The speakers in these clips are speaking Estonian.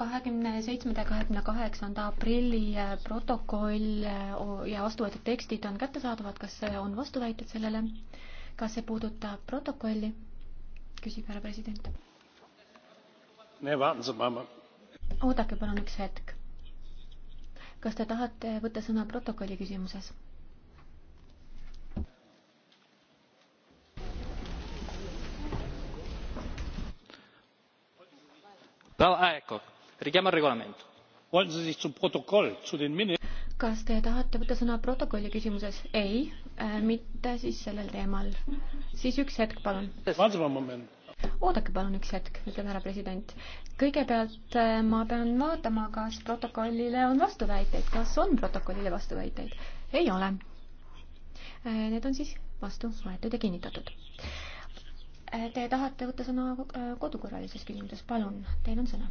kahekümne seitsmenda ja kahekümne kaheksanda aprilli äh, protokoll äh, ja vastuvõetud tekstid on kättesaadavad, kas äh, on vastuväited sellele? kas see puudutab protokolli? küsib härra president. oodake palun üks hetk. kas te tahate võtta sõna protokolli küsimuses? Ah, kas te tahate võtta sõna protokolli küsimuses? ei äh, mitte siis sellel teemal. siis üks hetk palun oodake palun üks hetk, ütleb härra president. kõigepealt äh, ma pean vaatama, kas protokollile on vastuväiteid, kas on protokollile vastuväiteid? ei ole. Äh, need on siis vastu võetud ja kinnitatud. Äh, te tahate võtta sõna äh, kodukorralises küsimuses, palun, teil on sõna.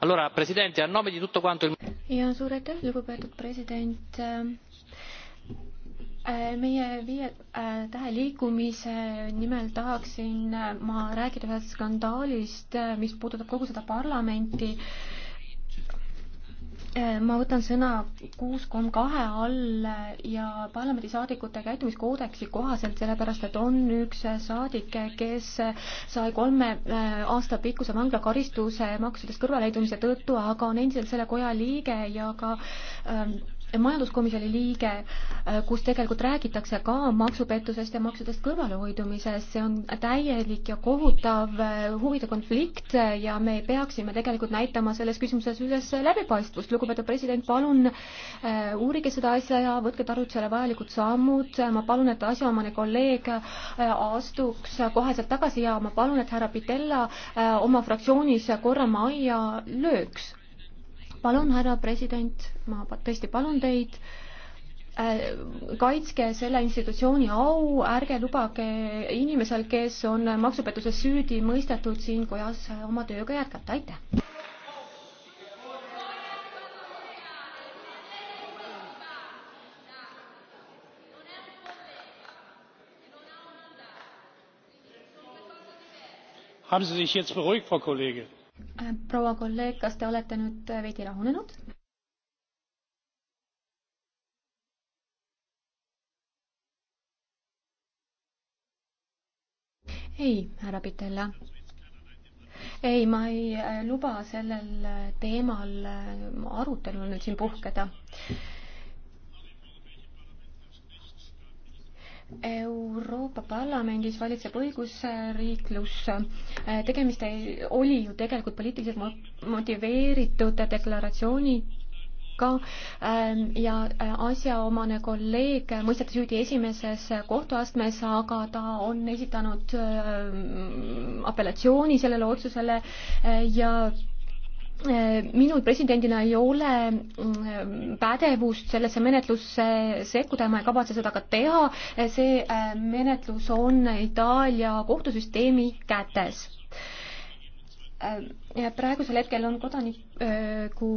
Allora, presidente, a nome di tutto quanto il... ja suur aitäh, lugupeetud president. Äh, meie viie tähe liikumise nimel tahaksin ma rääkida ühest skandaalist, mis puudutab kogu seda parlamenti Äh, ma võtan sõna kuus kom kahe all äh, ja parlamendisaadikute käitumiskoodeksi kohaselt, sellepärast et on üks äh, saadik, kes sai kolme aasta pikkuse vanglakaristuse maksudest kõrvaleheidumise tõttu, aga on endiselt selle koja liige ja ka ähm, majanduskomisjoni liige, äh, kus tegelikult räägitakse ka maksupettusest ja maksudest kõrvalehoidumisest, see on täielik ja kohutav äh, huvide konflikt ja me peaksime tegelikult näitama selles küsimuses üles läbipaistvust. lugupeetud president, palun äh, uurige seda asja ja võtke tarvitusele vajalikud sammud, ma palun, et asjaomane kolleeg astuks koheselt tagasi ja ma palun, et härra Pitella oma fraktsioonis korra majja lööks palun, härra president, ma tõesti palun teid äh, kaitske selle institutsiooni au, ärge lubage inimesel, kes on maksupettuses süüdi mõistetud siin kojas äh, oma tööga jätkata, aitäh. haben sie sich jetzt beruhigt frau kollegin? Äh, proua kolleeg, kas te olete nüüd äh, veidi rahunenud? ei, härra Pitella. ei, ma ei äh, luba sellel teemal arutelul nüüd siin puhkeda. EU parlamendis valitseb õigusriiklus. tegemist ei, oli ju tegelikult poliitiliselt motiveeritud deklaratsiooniga ähm, ja äh, asjaomane kolleeg mõisteti süüdi esimeses kohtuastmes, aga ta on esitanud ähm, apellatsiooni sellele otsusele äh, ja Äh, minul presidendina ei ole mm, pädevust sellesse menetlusse sekkuda ja ma ei kavatse seda ka teha. see äh, menetlus on Itaalia kohtusüsteemi kätes Äh, praegusel hetkel on kodaniku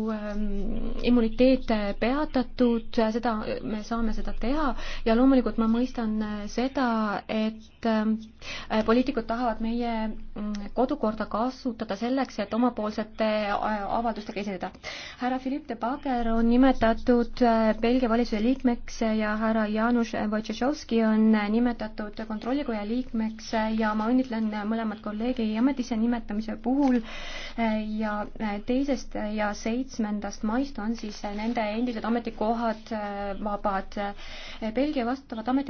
immuniteet äh, peatatud, seda, me saame seda teha ja loomulikult ma mõistan äh, seda, et poliitikud tahavad meie mm, kodukorda kasutada selleks, et omapoolsete avaldustega esineda. härra Philippe de Bagger on nimetatud Belgia valitsuse liikmeks ja härra Janusz Wojciechowski on nimetatud kontrollikoja liikmeks ja ma õnnitlen mõlemat kolleegi ametisse nimetamise puhul kolm ja äh, teisest ja seitsmendast maist on siis äh, nende endised ametikohad äh, vabad. Belgia vastutavad ametikohad